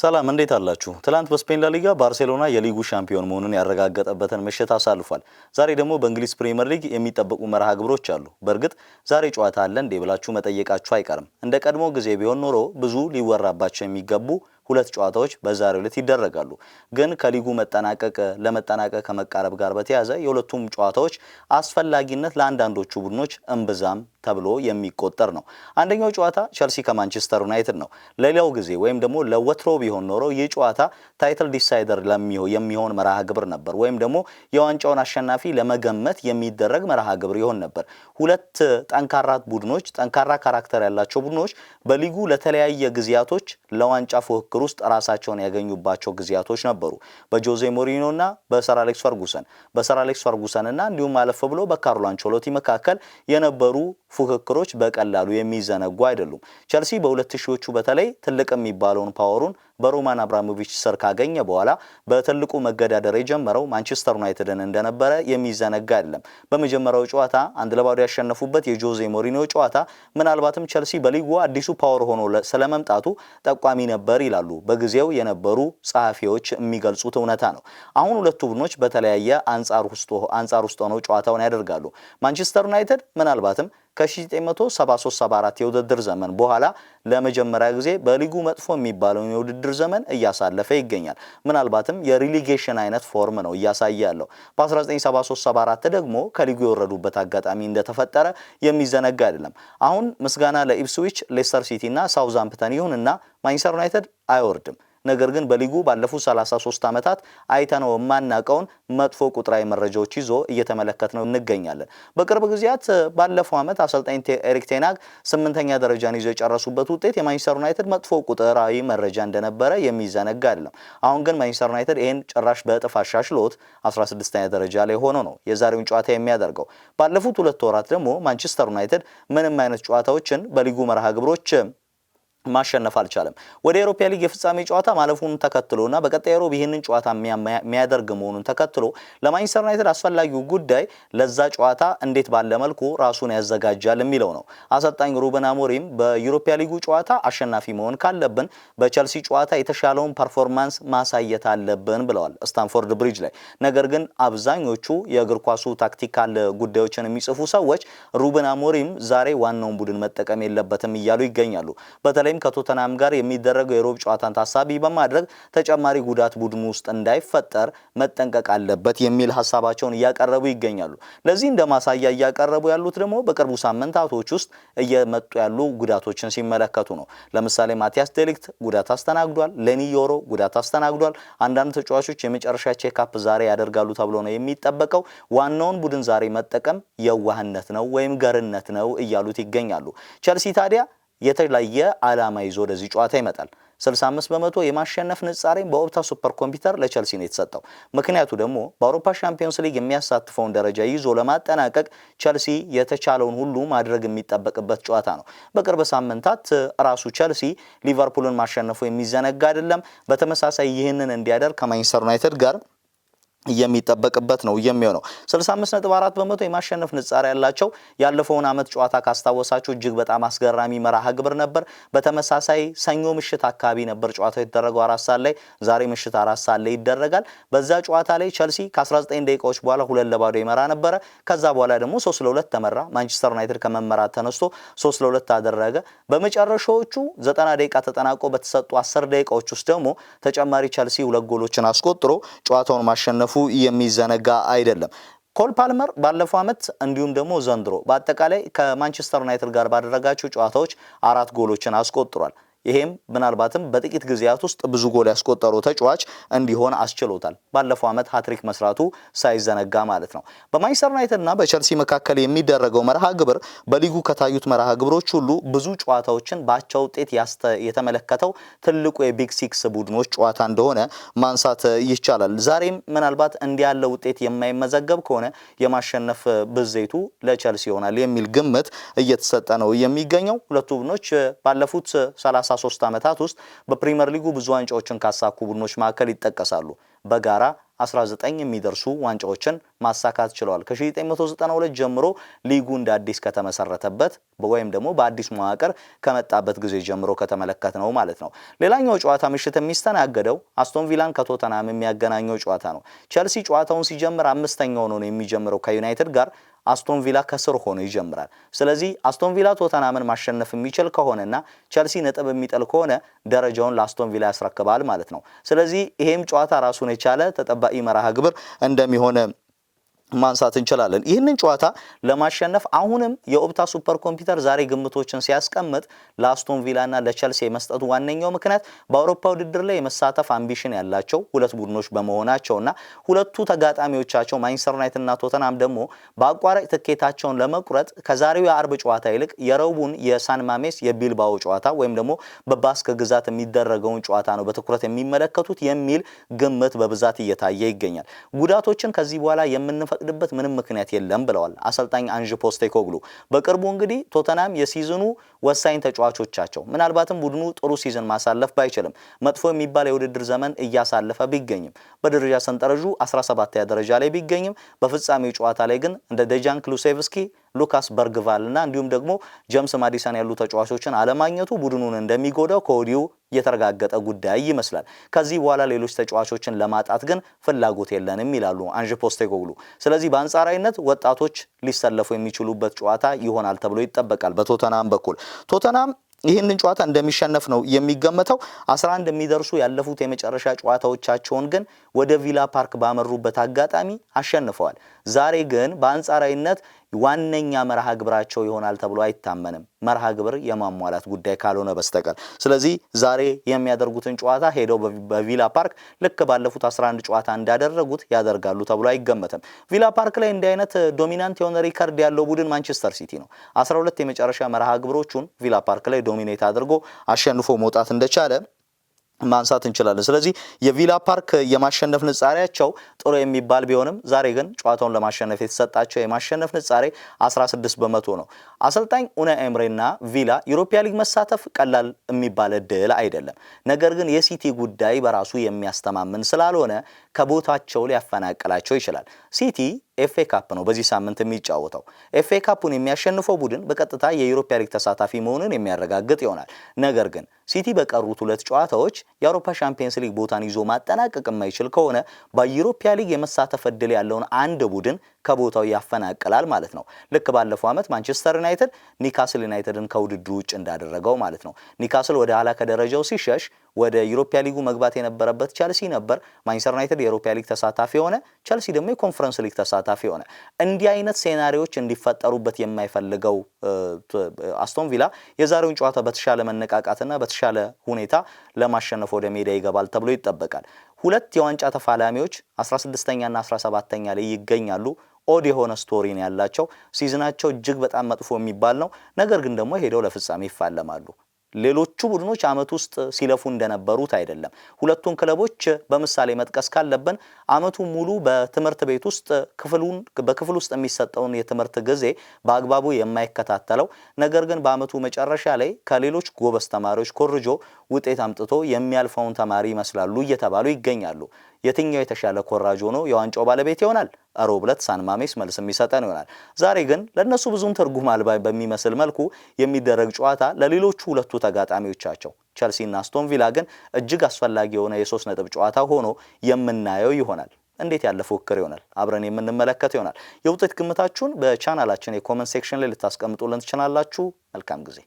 ሰላም እንዴት አላችሁ? ትላንት በስፔን ላሊጋ ባርሴሎና የሊጉ ሻምፒዮን መሆኑን ያረጋገጠበትን ምሽት አሳልፏል። ዛሬ ደግሞ በእንግሊዝ ፕሪምየር ሊግ የሚጠበቁ መርሃ ግብሮች አሉ። በእርግጥ ዛሬ ጨዋታ አለ እንዴ ብላችሁ መጠየቃችሁ አይቀርም። እንደ ቀድሞ ጊዜ ቢሆን ኖሮ ብዙ ሊወራባቸው የሚገቡ ሁለት ጨዋታዎች በዛሬው ዕለት ይደረጋሉ። ግን ከሊጉ መጠናቀቅ ለመጠናቀቅ ከመቃረብ ጋር በተያያዘ የሁለቱም ጨዋታዎች አስፈላጊነት ለአንዳንዶቹ ቡድኖች እምብዛም ተብሎ የሚቆጠር ነው። አንደኛው ጨዋታ ቸልሲ ከማንቸስተር ዩናይትድ ነው። ለሌላው ጊዜ ወይም ደግሞ ለወትሮ ቢሆን ኖሮ ይህ ጨዋታ ታይትል ዲሳይደር የሚሆን መርሃ ግብር ነበር፣ ወይም ደግሞ የዋንጫውን አሸናፊ ለመገመት የሚደረግ መርሃ ግብር ይሆን ነበር። ሁለት ጠንካራ ቡድኖች፣ ጠንካራ ካራክተር ያላቸው ቡድኖች በሊጉ ለተለያየ ጊዜያቶች ለዋንጫ ፉክክር ፉክክር ውስጥ ራሳቸውን ያገኙባቸው ጊዜያቶች ነበሩ በጆዜ እና በሰር አሌክስ ፈርጉሰን በሰር አሌክስ እና እንዲሁም አለፍ ብሎ በካርሎ አንቸሎቲ መካከል የነበሩ ፉክክሮች በቀላሉ የሚዘነጉ አይደሉም። ቸልሲ በሁለት ሺዎቹ በተለይ ትልቅ የሚባለውን ፓወሩን በሮማን አብራሞቪች ስር ካገኘ በኋላ በትልቁ መገዳደር የጀመረው ማንቸስተር ዩናይትድን እንደነበረ የሚዘነጋ አይደለም። በመጀመሪያው ጨዋታ አንድ ለባዶ ያሸነፉበት የጆዜ ሞሪኒዮ ጨዋታ ምናልባትም ቸልሲ በሊጉ አዲሱ ፓወር ሆኖ ስለመምጣቱ ጠቋሚ ነበር ይላሉ እንዳሉ በጊዜው የነበሩ ጸሐፊዎች የሚገልጹት እውነታ ነው። አሁን ሁለቱ ቡድኖች በተለያየ አንጻር ውስጥ ሆነው ጨዋታውን ያደርጋሉ። ማንቸስተር ዩናይትድ ምናልባትም ከ1973/74 የውድድር ዘመን በኋላ ለመጀመሪያ ጊዜ በሊጉ መጥፎ የሚባለውን የውድድር ዘመን እያሳለፈ ይገኛል። ምናልባትም የሪሊጌሽን አይነት ፎርም ነው እያሳየ ያለው። በ1973/74 ደግሞ ከሊጉ የወረዱበት አጋጣሚ እንደተፈጠረ የሚዘነጋ አይደለም። አሁን ምስጋና ለኢፕስዊች፣ ሌስተር ሲቲ እና ሳውዛምፕተን። ይሁንና ማንቸስተር ዩናይትድ አይወርድም። ነገር ግን በሊጉ ባለፉት 33 ዓመታት አይተነው የማናቀውን መጥፎ ቁጥራዊ መረጃዎች ይዞ እየተመለከት ነው እንገኛለን። በቅርብ ጊዜያት ባለፈው ዓመት አሰልጣኝ ኤሪክ ቴናግ ስምንተኛ ደረጃን ይዞ የጨረሱበት ውጤት የማንቸስተር ዩናይትድ መጥፎ ቁጥራዊ መረጃ እንደነበረ የሚዘነጋ አይደለም። አሁን ግን ማንቸስተር ዩናይትድ ይህን ጭራሽ በእጥፍ አሻሽሎት 16ኛ ደረጃ ላይ ሆኖ ነው የዛሬውን ጨዋታ የሚያደርገው። ባለፉት ሁለት ወራት ደግሞ ማንቸስተር ዩናይትድ ምንም አይነት ጨዋታዎችን በሊጉ መርሃ ግብሮች ማሸነፍ አልቻለም። ወደ ኤሮፓ ሊግ የፍጻሜ ጨዋታ ማለፉን ተከትሎና በቀጣይ ሮብ ይህንን ጨዋታ የሚያደርግ መሆኑን ተከትሎ ለማንቸስተር ዩናይትድ አስፈላጊው ጉዳይ ለዛ ጨዋታ እንዴት ባለ መልኩ ራሱን ያዘጋጃል የሚለው ነው። አሰልጣኝ ሩበን አሞሪም በዩሮፓ ሊጉ ጨዋታ አሸናፊ መሆን ካለብን በቸልሲ ጨዋታ የተሻለውን ፐርፎርማንስ ማሳየት አለብን ብለዋል ስታንፎርድ ብሪጅ ላይ። ነገር ግን አብዛኞቹ የእግር ኳሱ ታክቲካል ጉዳዮችን የሚጽፉ ሰዎች ሩበን አሞሪም ዛሬ ዋናውን ቡድን መጠቀም የለበትም እያሉ ይገኛሉ። በተለይ በተለይም ከቶተናም ጋር የሚደረገው የሮብ ጨዋታን ታሳቢ በማድረግ ተጨማሪ ጉዳት ቡድኑ ውስጥ እንዳይፈጠር መጠንቀቅ አለበት የሚል ሀሳባቸውን እያቀረቡ ይገኛሉ። ለዚህ እንደ ማሳያ እያቀረቡ ያሉት ደግሞ በቅርቡ ሳምንታቶች ውስጥ እየመጡ ያሉ ጉዳቶችን ሲመለከቱ ነው። ለምሳሌ ማቲያስ ዴሊክት ጉዳት አስተናግዷል። ሌኒ ዮሮ ጉዳት አስተናግዷል። አንዳንድ ተጫዋቾች የመጨረሻ ቼካፕ ዛሬ ያደርጋሉ ተብሎ ነው የሚጠበቀው። ዋናውን ቡድን ዛሬ መጠቀም የዋህነት ነው ወይም ገርነት ነው እያሉት ይገኛሉ። ቸልሲ ታዲያ የተለየ ዓላማ ይዞ ወደዚህ ጨዋታ ይመጣል። 65 በመቶ የማሸነፍ ንጻሬ በኦፕታ ሱፐር ኮምፒውተር ለቸልሲ ነው የተሰጠው። ምክንያቱ ደግሞ በአውሮፓ ሻምፒዮንስ ሊግ የሚያሳትፈውን ደረጃ ይዞ ለማጠናቀቅ ቸልሲ የተቻለውን ሁሉ ማድረግ የሚጠበቅበት ጨዋታ ነው። በቅርብ ሳምንታት ራሱ ቸልሲ ሊቨርፑልን ማሸነፉ የሚዘነጋ አይደለም። በተመሳሳይ ይህንን እንዲያደርግ ከማንችስተር ዩናይትድ ጋር የሚጠበቅበት ነው የሚሆነው 65.4 በመቶ የማሸነፍ ንጻሪ ያላቸው ያለፈውን ዓመት ጨዋታ ካስታወሳቸው እጅግ በጣም አስገራሚ መርሃ ግብር ነበር። በተመሳሳይ ሰኞ ምሽት አካባቢ ነበር ጨዋታው የተደረገው አራት ሰዓት ላይ፣ ዛሬ ምሽት አራት ሰዓት ላይ ይደረጋል። በዛ ጨዋታ ላይ ቸልሲ ከ19 ደቂቃዎች በኋላ ሁለት ለባዶ ይመራ ነበረ። ከዛ በኋላ ደግሞ 3 ለ2 ተመራ። ማንቸስተር ዩናይትድ ከመመራት ተነስቶ 3 ለ2 አደረገ። በመጨረሻዎቹ 90 ደቂቃ ተጠናቆ በተሰጡ 10 ደቂቃዎች ውስጥ ደግሞ ተጨማሪ ቸልሲ ሁለት ጎሎችን አስቆጥሮ ጨዋታውን ማሸነፉ የሚዘነጋ አይደለም። ኮል ፓልመር ባለፈው ዓመት እንዲሁም ደግሞ ዘንድሮ በአጠቃላይ ከማንቸስተር ዩናይትድ ጋር ባደረጋቸው ጨዋታዎች አራት ጎሎችን አስቆጥሯል። ይሄም ምናልባትም በጥቂት ጊዜያት ውስጥ ብዙ ጎል ያስቆጠሩ ተጫዋች እንዲሆን አስችሎታል። ባለፈው ዓመት ሀትሪክ መስራቱ ሳይዘነጋ ማለት ነው። በማንቸስተር ዩናይትድ እና በቸልሲ መካከል የሚደረገው መርሃ ግብር በሊጉ ከታዩት መርሃ ግብሮች ሁሉ ብዙ ጨዋታዎችን በአቻ ውጤት የተመለከተው ትልቁ የቢግ ሲክስ ቡድኖች ጨዋታ እንደሆነ ማንሳት ይቻላል። ዛሬም ምናልባት እንዲያለ ያለ ውጤት የማይመዘገብ ከሆነ የማሸነፍ ብዜቱ ለቸልሲ ይሆናል የሚል ግምት እየተሰጠ ነው የሚገኘው። ሁለቱ ቡድኖች ባለፉት 30 33 ዓመታት ውስጥ በፕሪምየር ሊጉ ብዙ ዋንጫዎችን ካሳኩ ቡድኖች መካከል ይጠቀሳሉ። በጋራ 19 የሚደርሱ ዋንጫዎችን ማሳካት ችለዋል። ከ1992 ጀምሮ ሊጉ እንደ አዲስ ከተመሰረተበት ወይም ደግሞ በአዲስ መዋቅር ከመጣበት ጊዜ ጀምሮ ከተመለከት ነው ማለት ነው። ሌላኛው ጨዋታ ምሽት የሚስተናገደው አስቶን ቪላን ከቶተናም የሚያገናኘው ጨዋታ ነው። ቸልሲ ጨዋታውን ሲጀምር አምስተኛው ነው የሚጀምረው ከዩናይትድ ጋር አስቶን ቪላ ከስር ሆኖ ይጀምራል። ስለዚህ አስቶን ቪላ ቶተናምን ማሸነፍ የሚችል ከሆነና ቸልሲ ነጥብ የሚጠል ከሆነ ደረጃውን ለአስቶን ቪላ ያስረክባል ማለት ነው። ስለዚህ ይሄም ጨዋታ ራሱን የቻለ ተጠባቂ መርሃ ግብር እንደሚሆነ ማንሳት እንችላለን። ይህንን ጨዋታ ለማሸነፍ አሁንም የኦፕታ ሱፐር ኮምፒውተር ዛሬ ግምቶችን ሲያስቀምጥ ለአስቶን ቪላና ለቸልሲ የመስጠቱ ዋነኛው ምክንያት በአውሮፓ ውድድር ላይ የመሳተፍ አምቢሽን ያላቸው ሁለት ቡድኖች በመሆናቸውና ሁለቱ ተጋጣሚዎቻቸው ማንቸስተር ዩናይትድ እና ቶተናም ደግሞ በአቋራጭ ትኬታቸውን ለመቁረጥ ከዛሬው የአርብ ጨዋታ ይልቅ የረቡን የሳን ማሜስ የቢልባኦ ጨዋታ ወይም ደግሞ በባስክ ግዛት የሚደረገውን ጨዋታ ነው በትኩረት የሚመለከቱት የሚል ግምት በብዛት እየታየ ይገኛል። ጉዳቶችን ከዚህ በኋላ የምንፈ የሚፈቅድበት ምንም ምክንያት የለም ብለዋል አሰልጣኝ አንዥ ፖስቴኮግሉ። በቅርቡ እንግዲህ ቶተናም የሲዝኑ ወሳኝ ተጫዋቾቻቸው ምናልባትም ቡድኑ ጥሩ ሲዝን ማሳለፍ ባይችልም መጥፎ የሚባል የውድድር ዘመን እያሳለፈ ቢገኝም በደረጃ ሰንጠረዡ 17ኛ ደረጃ ላይ ቢገኝም በፍጻሜው ጨዋታ ላይ ግን እንደ ደጃን ክሉሴቭስኪ ሉካስ እና እንዲሁም ደግሞ ጀምስ ማዲሰን ያሉ ተጫዋቾችን አለማግኘቱ ቡድኑን እንደሚጎዳው ከወዲሁ የተረጋገጠ ጉዳይ ይመስላል። ከዚህ በኋላ ሌሎች ተጫዋቾችን ለማጣት ግን ፍላጎት የለንም ይላሉ አንዥ ፖስቴኮግሉ። ስለዚህ በአንጻራዊነት ወጣቶች ሊሰለፉ የሚችሉበት ጨዋታ ይሆናል ተብሎ ይጠበቃል። በቶተናም በኩል ቶተናም ይህንን ጨዋታ እንደሚሸነፍ ነው የሚገመተው። 11 የሚደርሱ ያለፉት የመጨረሻ ጨዋታዎቻቸውን ግን ወደ ቪላ ፓርክ ባመሩበት አጋጣሚ አሸንፈዋል። ዛሬ ግን በአንጻራዊነት ዋነኛ መርሃ ግብራቸው ይሆናል ተብሎ አይታመንም፣ መርሃ ግብር የማሟላት ጉዳይ ካልሆነ በስተቀር። ስለዚህ ዛሬ የሚያደርጉትን ጨዋታ ሄደው በቪላ ፓርክ ልክ ባለፉት 11 ጨዋታ እንዳደረጉት ያደርጋሉ ተብሎ አይገመትም። ቪላ ፓርክ ላይ እንዲህ አይነት ዶሚናንት የሆነ ሪከርድ ያለው ቡድን ማንቸስተር ሲቲ ነው። 12 የመጨረሻ መርሃ ግብሮቹን ቪላ ፓርክ ላይ ዶሚኔት አድርጎ አሸንፎ መውጣት እንደቻለ ማንሳት እንችላለን። ስለዚህ የቪላ ፓርክ የማሸነፍ ንጻሪያቸው ጥሩ የሚባል ቢሆንም ዛሬ ግን ጨዋታውን ለማሸነፍ የተሰጣቸው የማሸነፍ ንጻሬ 16 በመቶ ነው። አሰልጣኝ ኡና ኤምሬና ቪላ ዩሮፒያ ሊግ መሳተፍ ቀላል የሚባል እድል አይደለም። ነገር ግን የሲቲ ጉዳይ በራሱ የሚያስተማምን ስላልሆነ ከቦታቸው ሊያፈናቅላቸው ይችላል። ሲቲ ኤፍኤ ካፕ ነው በዚህ ሳምንት የሚጫወተው። ኤፍኤ ካፑን የሚያሸንፈው ቡድን በቀጥታ የዩሮፓ ሊግ ተሳታፊ መሆኑን የሚያረጋግጥ ይሆናል። ነገር ግን ሲቲ በቀሩት ሁለት ጨዋታዎች የአውሮፓ ሻምፒየንስ ሊግ ቦታን ይዞ ማጠናቀቅ የማይችል ከሆነ በዩሮፓ ሊግ የመሳተፍ እድል ያለውን አንድ ቡድን ከቦታው ያፈናቅላል ማለት ነው። ልክ ባለፈው ዓመት ማንቸስተር ዩናይትድ ኒካስል ዩናይትድን ከውድድሩ ውጭ እንዳደረገው ማለት ነው። ኒካስል ወደ ኋላ ከደረጃው ሲሸሽ ወደ ዩሮፒያ ሊጉ መግባት የነበረበት ቸልሲ ነበር። ማንቸስተር ዩናይትድ የዩሮፒያ ሊግ ተሳታፊ የሆነ ቸልሲ ደግሞ የኮንፈረንስ ሊግ ተሳታፊ የሆነ እንዲህ አይነት ሴናሪዎች እንዲፈጠሩበት የማይፈልገው አስቶን ቪላ የዛሬውን ጨዋታ በተሻለ መነቃቃትና በተሻለ ሁኔታ ለማሸነፍ ወደ ሜዳ ይገባል ተብሎ ይጠበቃል። ሁለት የዋንጫ ተፋላሚዎች 16ኛና 17ኛ ላይ ይገኛሉ። ኦድ የሆነ ስቶሪ ነው ያላቸው። ሲዝናቸው እጅግ በጣም መጥፎ የሚባል ነው። ነገር ግን ደግሞ ሄደው ለፍጻሜ ይፋለማሉ። ሌሎቹ ቡድኖች አመት ውስጥ ሲለፉ እንደነበሩት አይደለም። ሁለቱን ክለቦች በምሳሌ መጥቀስ ካለብን አመቱ ሙሉ በትምህርት ቤት ውስጥ ክፍሉን በክፍል ውስጥ የሚሰጠውን የትምህርት ጊዜ በአግባቡ የማይከታተለው ነገር ግን በአመቱ መጨረሻ ላይ ከሌሎች ጎበዝ ተማሪዎች ኮርጆ ውጤት አምጥቶ የሚያልፈውን ተማሪ ይመስላሉ እየተባሉ ይገኛሉ። የትኛው የተሻለ ኮራጅ ሆኖ የዋንጫው ባለቤት ይሆናል? ሮብ ዕለት ሳንማሜስ መልስ የሚሰጠን ይሆናል። ዛሬ ግን ለእነሱ ብዙም ትርጉም አልባ በሚመስል መልኩ የሚደረግ ጨዋታ ለሌሎቹ ሁለቱ ተጋጣሚዎቻቸው ቸልሲና አስቶን ቪላ ግን እጅግ አስፈላጊ የሆነ የሶስት ነጥብ ጨዋታ ሆኖ የምናየው ይሆናል። እንዴት ያለ ፉክክር ይሆናል አብረን የምንመለከት ይሆናል። የውጤት ግምታችሁን በቻናላችን የኮመንት ሴክሽን ላይ ልታስቀምጡልን ትችላላችሁ። መልካም ጊዜ